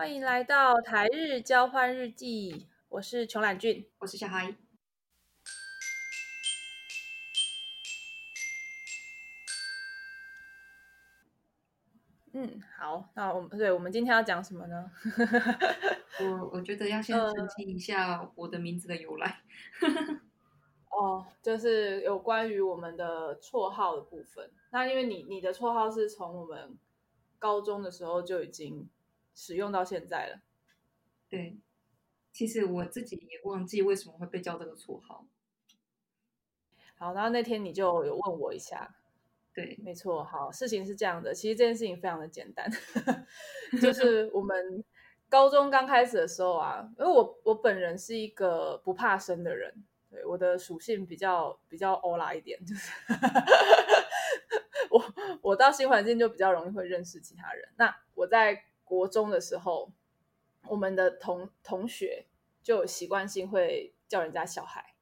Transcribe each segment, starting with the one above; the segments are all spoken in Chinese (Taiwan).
歡迎來到台日交換日記。我是窮懶蕈，我是小孩。嗯，好，那我們對我們今天要講什麼呢？ 我我覺得要先澄清一下我的名字的由來。 哦，就是有關於我們的綽號的部分。那因為你你的綽號是從我們高中的時候就已經，使用到現在了，對，其實我自己也忘記為什麼會被叫這個綽號。好，然後那天你就有問我一下，對，沒錯，好，事情是這樣的，其實這件事情非常的簡單， 就是我們高中剛開始的時候啊，因為我我本人是一個不怕生的人，對，我的屬性比較比較歐啦一點，就是 我我到新環境就比較容易會認識其他人，那我在。國中的時候，我們的同同學就有習慣性會叫人家小孩，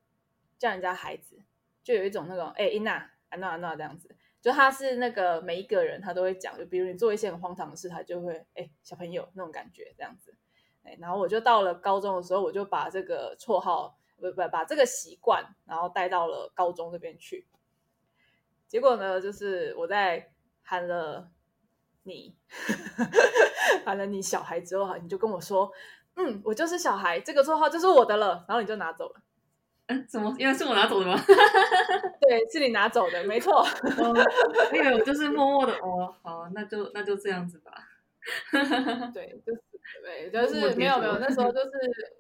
叫人家孩子，就有一種那種哎，伊娜，安娜安娜這樣子，就他是那個每一個人他都會講，就比如你做一些很荒唐的事，他就會哎，小朋友那種感覺這樣子，欸，然後我就到了高中的時候，我就把這個綽號不不把這個習慣，然後帶到了高中這邊去，結果呢，就是我在喊了。你 完了，你小孩之後啊，你就跟我說，嗯，我就是小孩，這個綽號就是我的了，然後你就拿走了。嗯，什麼？因為是我拿走的嗎？ 對，是你拿走的，沒錯。我以為我就是默默的。 哦，好，那就那就這樣子吧。 對，就是對，就是沒有沒有。那時候就是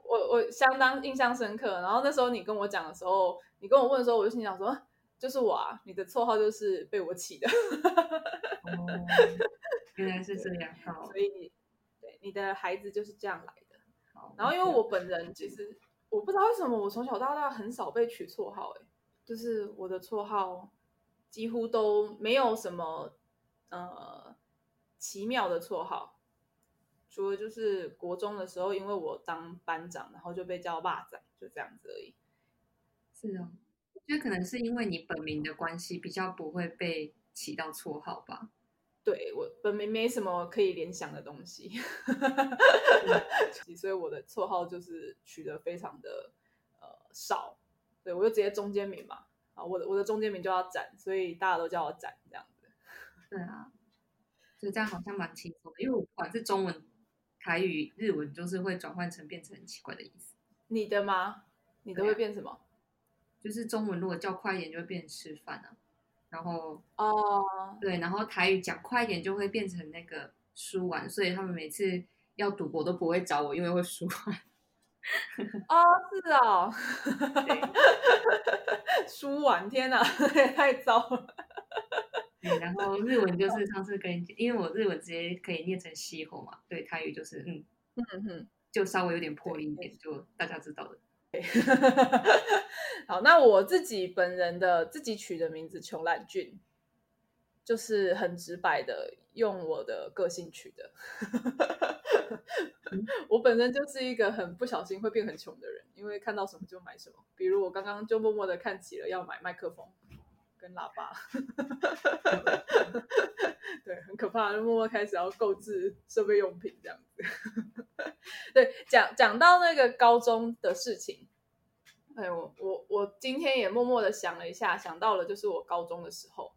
我我相當印象深刻。然後那時候你跟我講的時候，你跟我問的時候，我就心想說。就是我啊，你的綽號就是被我起的，哦、 oh,，原來是這樣。所以對你的孩子就是這樣來的。Oh, 然後因為我本人其實、okay. 我不知道為什麼我從小到大很少被取綽號，哎，就是我的綽號幾乎都沒有什麼呃奇妙的綽號，除了就是國中的時候，因為我當班長，然後就被叫霸長，就這樣子而已。是哦、啊。那可能是因為你本名的關係，比較不會被取到綽號吧？對，我本名沒什麼可以聯想的東西， 所以我的綽號就是取得非常的、呃、少。對，我就直接中間名嘛，啊，我的我的中間名就要展，所以大家都叫我展這樣子。對啊，就這樣好像蠻輕鬆的，因為我不管是中文、台語、日文，就是會轉換成變成很奇怪的意思。你的嗎？你的會變什麼？就是中文，如果叫快一點，就會變成吃飯啊。然後哦，oh. 對，然後台語講快一點，就會變成那個輸完。所以他們每次要賭博都不會找我，因為會輸完。哦、 oh, 是哦。輸 完，天哪， 太糟了。然後日文就是上次跟，因為我日文直接可以念成西火嘛。對，台語就是嗯嗯嗯，就稍微有點破音一點，就大家知道的。 好，那我自己本人的自己取的名字“窮懶蕈”，就是很直白的用我的個性取的。 我本身就是一個很不小心會變很窮的人，因為看到什麼就買什麼，比如我剛剛就默默的看起了要買麥克風。喇叭， 對，很可怕。就默默開始要購置設備用品這樣子。 對，講講到那個高中的事情，哎，我我我今天也默默的想了一下，想到了就是我高中的時候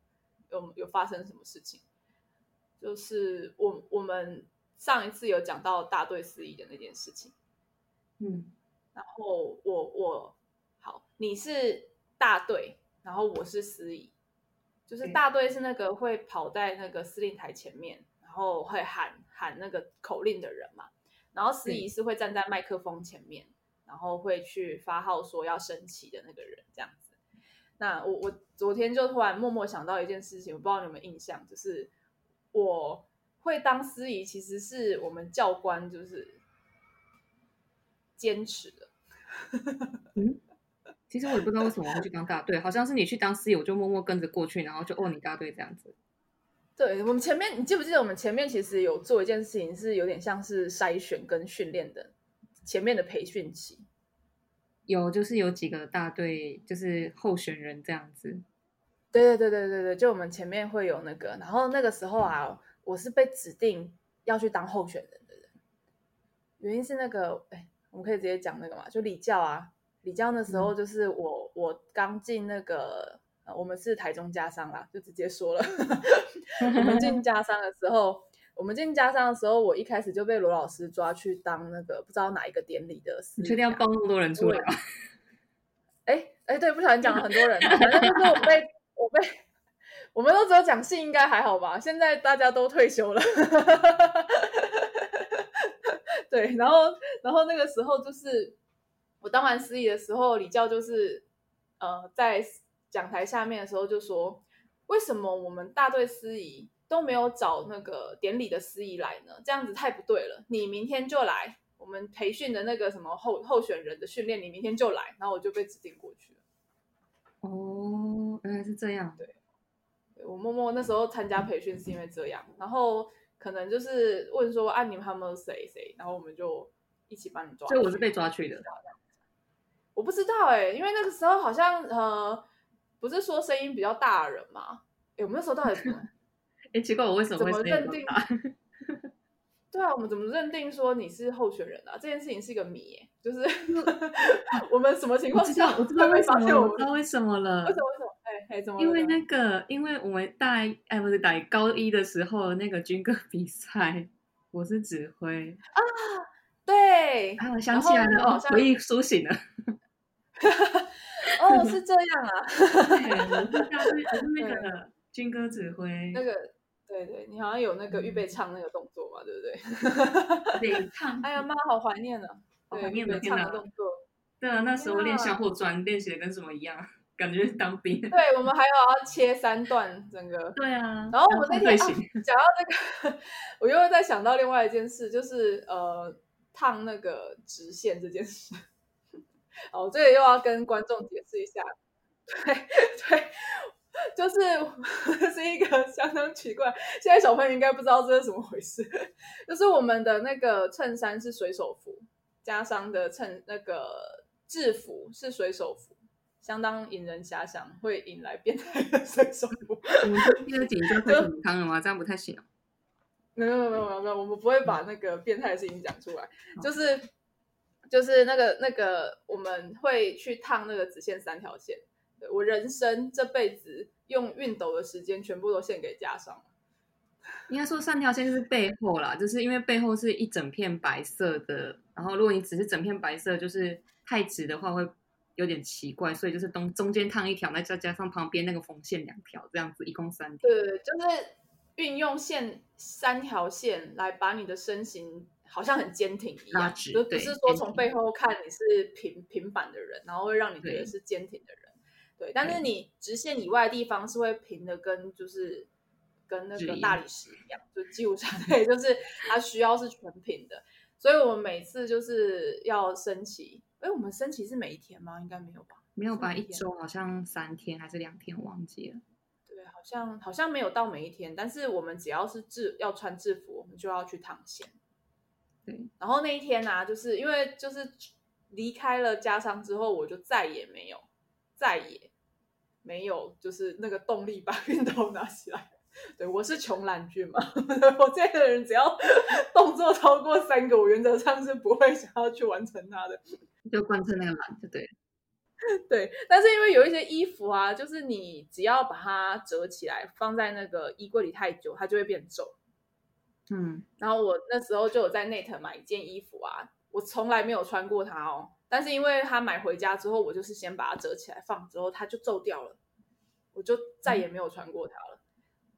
有有發生什麼事情，就是我我們上一次有講到大隊司儀的那件事情，嗯，然後我我好，你是大隊。然後我是司儀，就是大隊是那個會跑在那個司令臺前面，嗯、然後會喊喊那個口令的人嘛。然後司儀是會站在麥克風前面、嗯，然後會去發號說要升旗的那個人這樣子。那我我昨天就突然默默想到一件事情，我不知道你們有沒有印象，就是我會當司儀，其實是我們教官就是堅持的。嗯其實我也不知道為什麼會去當大隊， 好像是你去當司儀，就默默跟着過去，然後就哦，你大隊這樣子。對，我們前面，你記不記得我們前面其實有做一件事情，是有點像是篩選跟訓練的前面的培訓期。有，就是有幾個大隊，就是候選人這樣子。對對對對對對，就我們前面會有那個，然後那個時候啊，我是被指定要去當候選人的人，原因是那個，哎，我們可以直接講那個嘛，就禮教啊。李江的時候，就是我、嗯、我剛進那個，我們是台中家商啦，就直接說了。 我們進家商的時候，我們進家商的時候，我一開始就被羅老師抓去當那個不知道哪一個典禮的司儀。你確定要幫那麼多人出來嗎、啊？哎哎，對，不小心講了很多人、啊，反正就是我被我被，我被，我們都只有講姓，應該還好吧？現在大家都退休了， 對，然後然後那個時候就是。我當完司儀的時候，李教就是，呃，在講台下面的時候就說：“為什麼我們大隊司儀都沒有找那個典禮的司儀來呢？這樣子太不對了。”你明天就來我們培訓的那個什麼候候選人的訓練，你明天就來。然後我就被指定過去了。哦，原來是這樣。對，我默默那時候參加培訓是因為這樣。然後可能就是問說：“按、啊、你們他們誰誰？”然後我們就一起把你抓去。所以我是被抓去的。我不知道哎、欸，因為那個時候好像呃，不是說聲音比較大的人嘛。有、欸、我們那時候到底什麼……哎、欸，奇怪，我為什麼會麼怎麼認定啊？ 對啊，我們怎麼認定說你是候選人啊？這件事情是一個謎、欸，就是、啊、 我們什麼情況下？不知，知道為什麼， 我不知，知道為什麼了。為什麼？為什麼？哎、欸，欸、麼？因為那個，為因為我們大哎不是大高一的時候那個軍歌比賽，我是指揮啊。對，還、啊、我想起來了哦，回憶甦醒了。 哦，是這樣啊！ 對哈哈，不是那個軍歌指揮那個，對對，你好像有那個預備唱那個動作嘛，對、嗯、不對？對唱，哎呀媽，好懷念呢、啊，懷念的天哪！唱動作，對啊，那時候練小步磚練習的跟什麼一樣，感覺是當兵。對我們還要切三段，整個對啊。然後我們那天、嗯啊、講到那、這個，我又會再想到另外一件事，就是呃，燙那個直線這件事。哦，這裡又要跟觀眾解釋一下，對對，就是這是一個相當奇怪，現在小朋友應該不知道這是怎麼回事，就是我們的那個襯衫是水手服，加上的襯那個制服是水手服，相當引人遐想，會引來變態的水手服。你們這個節目太健康了嗎？這樣不太行，沒有沒有沒有沒有，我們不會把那個變態的事情講出來，嗯，就是。就是那個那個，我們會去燙那個直線三條線。我人生這輩子用熨斗的時間，全部都獻給加上了。應該說三條線就是背後啦，就是因為背後是一整片白色的，然後如果你只是整片白色，就是太直的話會有點奇怪，所以就是中間燙一條，那再加上旁邊那個縫線兩條，這樣子一共三條。對，就是運用線三條線來把你的身形。好像很堅挺一樣，就不是說從背後看你是平平，平板的人，然後會讓你覺得是堅挺的人。對，對，但是你直線以外的地方是會平的，跟就是跟那個大理石一樣，就幾乎上，對， 就是它需要是全平的。所以我們每次就是要升旗，哎，我們升旗是每一天嗎？應該沒有吧？沒有吧？天，一周好像三天還是兩天，我忘記了。對，好像好像沒有到每一天，但是我們只要是制要穿制服，我們就要去燙線，然後那一天呢、啊，就是因為就是離開了家鄉之後，我就再也沒有再也沒有就是那個動力把熨斗拿起來。對，我是窮懶蕈嘛， 我這樣的人只要動作超過三個，我原則上是不會想要去完成它的。就貫徹那個嘛，對對。對，但是因為有一些衣服啊，就是你只要把它折起來放在那個衣櫃裡太久，它就會變皺。嗯，然後我那時候就有在 NET 買一件衣服啊，我從來沒有穿過它哦，但是因為它買回家之後，我就是先把它折起來放，之後它就皺掉了，我就再也沒有穿過它了。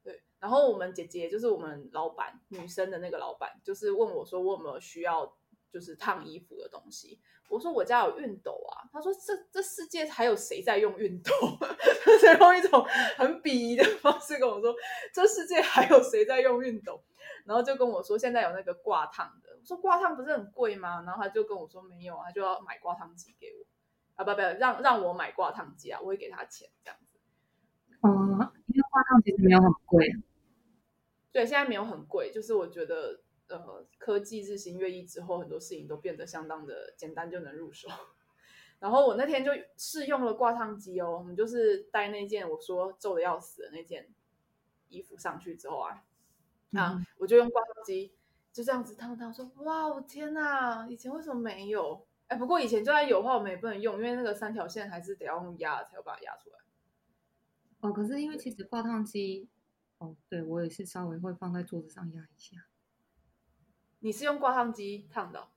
對，然後我們姐姐就是我們老闆女生的那個老闆，就是問我說我有沒有需要就是燙衣服的東西，我說我家有熨斗啊，他說這這世界還有誰在用熨斗？她就 用一種很鄙夷的方式跟我說，這世界還有誰在用熨斗？然後就跟我說，現在有那個掛燙的。我說掛燙不是很貴嗎？然後他就跟我說沒有啊，他就要買掛燙機給我。啊不不，讓讓我買掛燙機啊，我會給他錢這樣子。嗯，因為掛燙其實沒有很貴。對，現在沒有很貴，就是我覺得呃，科技日新月異之後，很多事情都變得相當的簡單，就能入手。然後我那天就試用了掛燙機哦，我們就是帶那件我說皺的要死的那件衣服上去之後啊。啊！我就用掛燙機就這樣子燙燙，說哇，我天哪！以前為什麼沒有？哎，不過以前就算有的話，我們也不能用，因為那個三條線還是得要用壓才有把它壓出來。哦，可是因為其實掛燙機，哦，對，我也是稍微會放在桌子上壓一下。你是用掛燙機燙的哦？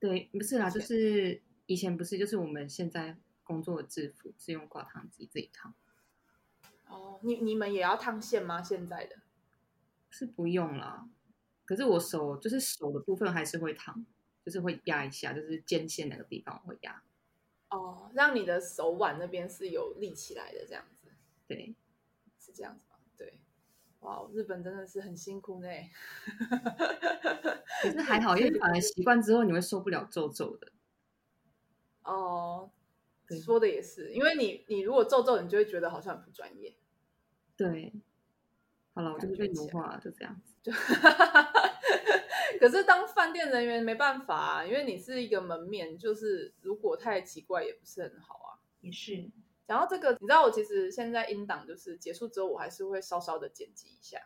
對，不是啦，okay. 就是以前不是，就是我們現在工作的制服是用掛燙機自己燙。哦，你你們也要燙線嗎？現在的？是不用了，可是我手就是手的部分還是會燙，就是會壓一下，就是肩線那個地方會壓。哦、oh,，讓你的手腕那邊是有立起來的這樣子。對，是這樣子嗎？對，哇、wow,，日本真的是很辛苦呢。 可是還好，因為反而習慣之後，你會受不了皺皺的。哦、oh,，說的也是，因為你你如果皺皺，你就會覺得好像很不專業。對。好了，我就會去融化了，就這樣子。就 可是當飯店人員沒辦法、啊，因為你是一個門面，就是如果太奇怪也不是很好啊。也是。然後這個，你知道我其實現在音檔就是結束之後，我還是會稍稍的剪輯一下。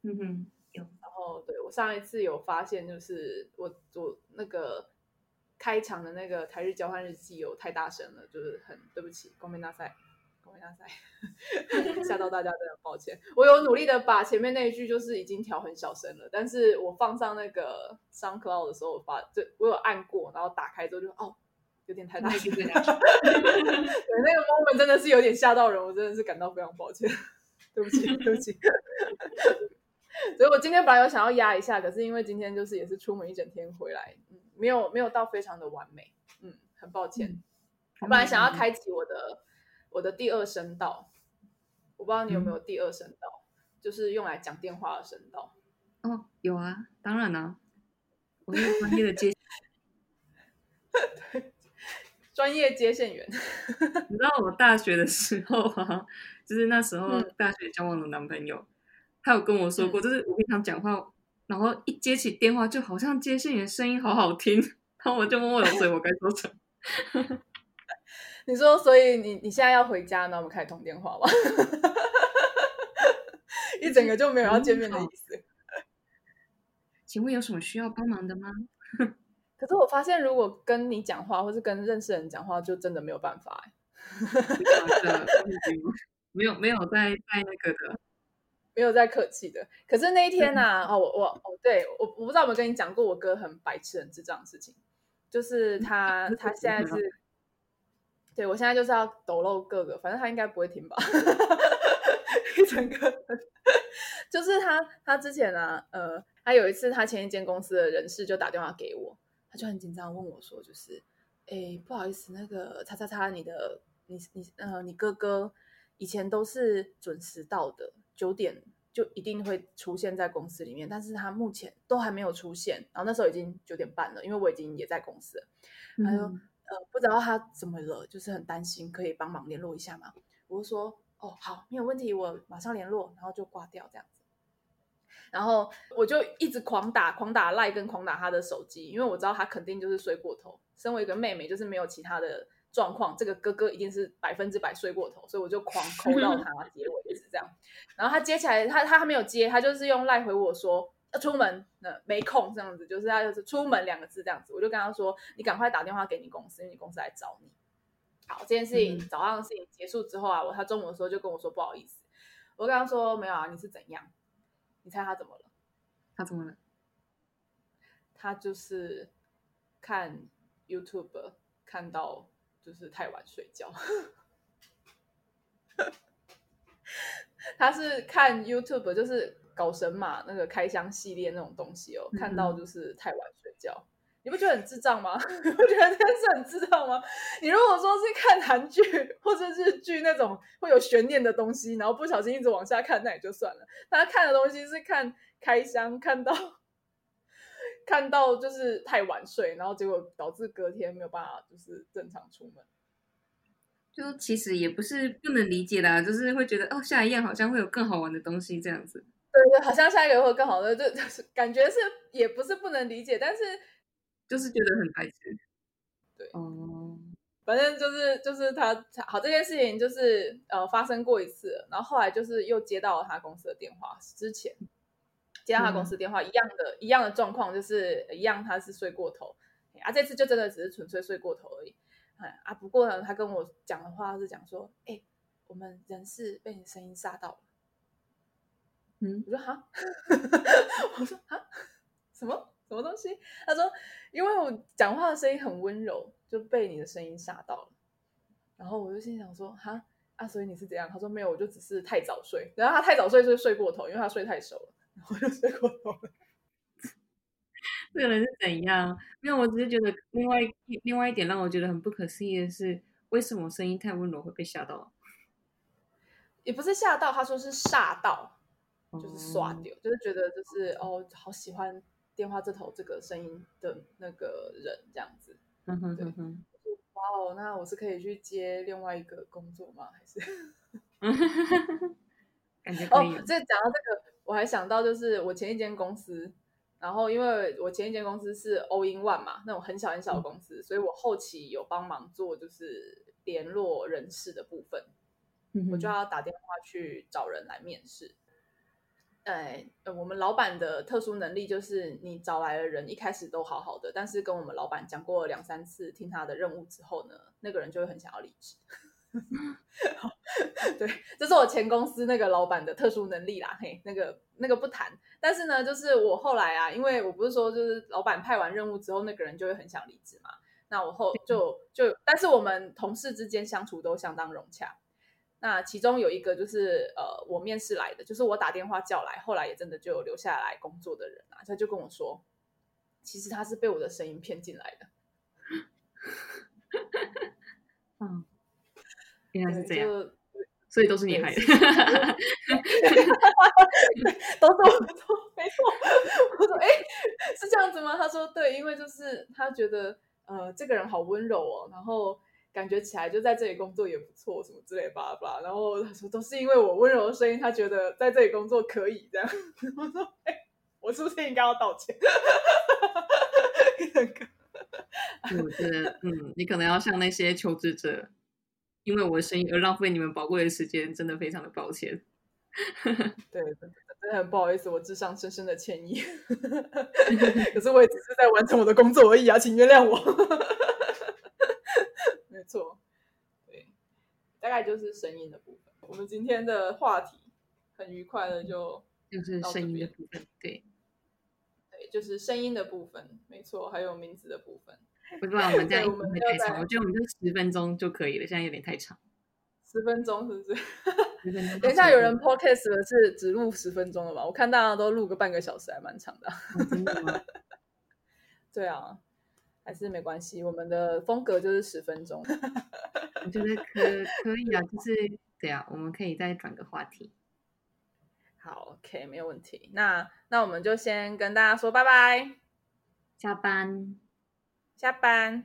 嗯哼，有。然後對，我上一次有發現，就是我我那個開場的那個台日交換日記有太大聲了，就是很對不起，ごめんなさい。嚇 到大家，真的抱歉。我有努力的把前面那一句就是已經調很小聲了，但是我放上那個 SoundCloud 的時候我把，把這我有按過，然後打開之後就哦，有點太大聲。 對，那個 moment 真的是有點嚇到人，我真的是感到非常抱歉， 對不起，對不起。 所以，我今天本來有想要壓一下，可是因為今天就是也是出門一整天回來，沒有沒有到非常的完美，嗯，很抱歉。嗯，我本來想要開啟我的。我的第二聲道，我不知道你有沒有第二聲道、嗯，就是用來講電話的聲道。哦，有啊，當然啊，我是專業的接線 對，專業接線員。 你知道我大學的時候、啊，就是那時候大學交往的男朋友，嗯、他有跟我說過，就是我平常講話、嗯，然後一接起電話，就好像接線員聲音好好聽，然後我就默默有隨我該說什麼。 你說，所以你你現在要回家呢？我們開始通電話吧。 一整個就沒有要見面的意思。請問有什麼需要幫忙的嗎？ 可是我發現，如果跟你講話，或是跟認識人講話，就真的沒有辦法 沒有。沒有沒有在在那個的， 沒有在客氣的。可是那一天呢、啊？哦，我哦對，我我不知道有沒有跟你講過我哥很白痴、很智障的事情，就是他、嗯嗯、他現在是。對，我現在就是要抖露哥哥，反正他應該不會聽吧。一 整個，就是他，他之前啊，呃，他有一次，他前一間公司的人事就打電話給我，他就很緊張問我說，就是，哎、欸，不好意思，那個，叉叉叉，你的，你你，呃，你哥哥以前都是準時到的，九點就一定會出現在公司裡面，但是他目前都還沒有出現，然後那時候已經九點半了，因為我已經也在公司了、嗯，他說。呃，不知道他怎麼了，就是很擔心，可以幫忙聯絡一下嗎？我就說，哦，好，沒有問題，我馬上聯絡，然後就掛掉這樣子。然後我就一直狂打、狂打賴跟狂打他的手機，因為我知道他肯定就是睡過頭。身為一個妹妹，就是沒有其他的狀況，這個哥哥一定是百分之百睡過頭，所以我就狂扣到他結尾，就 是這樣。然後他接起來，他他還沒有接，他就是用賴回我說。出門那、呃、沒空這樣子，就是他就是出門兩個字這樣子，我就跟他說：“你趕快打電話給你公司，因為你公司來找你。”好，這件事情、嗯、早上的事情結束之後啊，我他中午的時候就跟我說：“不好意思。”我跟他說：“沒有啊，你是怎樣？”你猜他怎麼了？他怎麼了？他就是看 YouTube 看到就是太晚睡覺， 他是看 YouTube 就是。搞神馬那個開箱系列那種東西哦，看到就是太晚睡覺，嗯、你不覺得很智障嗎？ 你不覺得這是很智障嗎？你如果說是看韓劇或者是劇那種會有懸念的東西，然後不小心一直往下看，那也就算了。他看的東西是看開箱，看到看到就是太晚睡，然後結果導致隔天沒有辦法就是正常出門。就其實也不是不能理解的，就是會覺得哦，下一樣好像會有更好玩的東西這樣子。對對，好像下一個會更好的，就就是感覺是也不是不能理解，但是就是覺得很開心。對，哦、uh...，反正就是就是他好這件事情就是呃發生過一次，然後後來就是又接到了他公司的電話，之前接到他公司的電話一樣的，一樣的狀況，就是一樣他是睡過頭，啊，這次就真的只是純粹睡過頭而已。哎啊，不過呢，他跟我講的話是講說，哎，我們人事被你聲音嚇到了。我說哈， 我說哈，什麼什麼東西？他說，因為我講話的聲音很溫柔，就被你的聲音嚇到了。然後我就心想說，哈啊，所以你是怎樣？他說沒有，我就只是太早睡。然後他太早睡就睡過頭，因為他睡太熟了，然後我就睡過頭了。這個人是怎樣？沒有，我只是覺得另外另外一點讓我覺得很不可思議的是，為什麼聲音太溫柔會被嚇到？也不是嚇到，他說是煞到。就是刷掉，就是覺得就是哦，好喜歡電話這頭這個聲音的那個人這樣子。對，uh -huh. 哇哦，那我是可以去接另外一個工作嗎？還是？哦， 這、oh, 講到這個，我還想到就是我前一間公司，然後因為我前一間公司是 all-in-one 嘛，那種很小很小的公司，mm -hmm. 所以我後期有幫忙做就是聯絡人事的部分，uh -huh. 我就要打電話去找人來面試。呃，我們老闆的特殊能力就是，你找來的人一開始都好好的，但是跟我們老闆講過兩三次聽他的任務之後呢，那個人就會很想要離職。 對，這是我前公司那個老闆的特殊能力啦，嘿，那個那個不談。但是呢，就是我後來啊，因為我不是說就是老闆派完任務之後，那個人就會很想離職嘛，那我後就就，但是我們同事之間相處都相當融洽。那其中有一個就是，呃，我面試來的，就是我打電話叫來，後來也真的就留下來工作的人啊，他就跟我說，其實他是被我的聲音騙進來的。 嗯，應該是這樣，所以都是你害的，都是我錯，沒錯，我說，哎，是這樣子嗎？他說對，因為就是他覺得，呃，這個人好溫柔哦，然後。感覺起來就在這裡工作也不錯，什麼之類吧吧。然後他說都是因為我溫柔的聲音，他覺得在這裡工作可以這樣。我說哎，我是不是應該要道歉？就 是、嗯，嗯，你可能要向那些求職者，因為我的聲音而浪費你們寶貴的時間，真的非常的抱歉。 對，真的很不好意思，我致上深深的歉意。 可是我也只是在完成我的工作而已啊，請原諒我。沒錯，大概就是聲音的部分。我們今天的話題很愉快的，就就是聲音的部分。對，對，就是聲音的部分，沒錯。還有名字的部分。不知道我們這樣會不會太長，我覺得我們就十分鐘就可以了，現在有點太長。十分鐘是不是？等一下有人 podcast 了，是只錄十分鐘了吧？我看大家都錄個半個小時，還蠻長的。哦，真的嗎？ 對啊。還是沒關係，我們的風格就是十分鐘， 我覺得可以可以啊，就是對啊，我們可以再轉個話題。好，OK，沒有問題。那那我們就先跟大家說拜拜，下班，下班。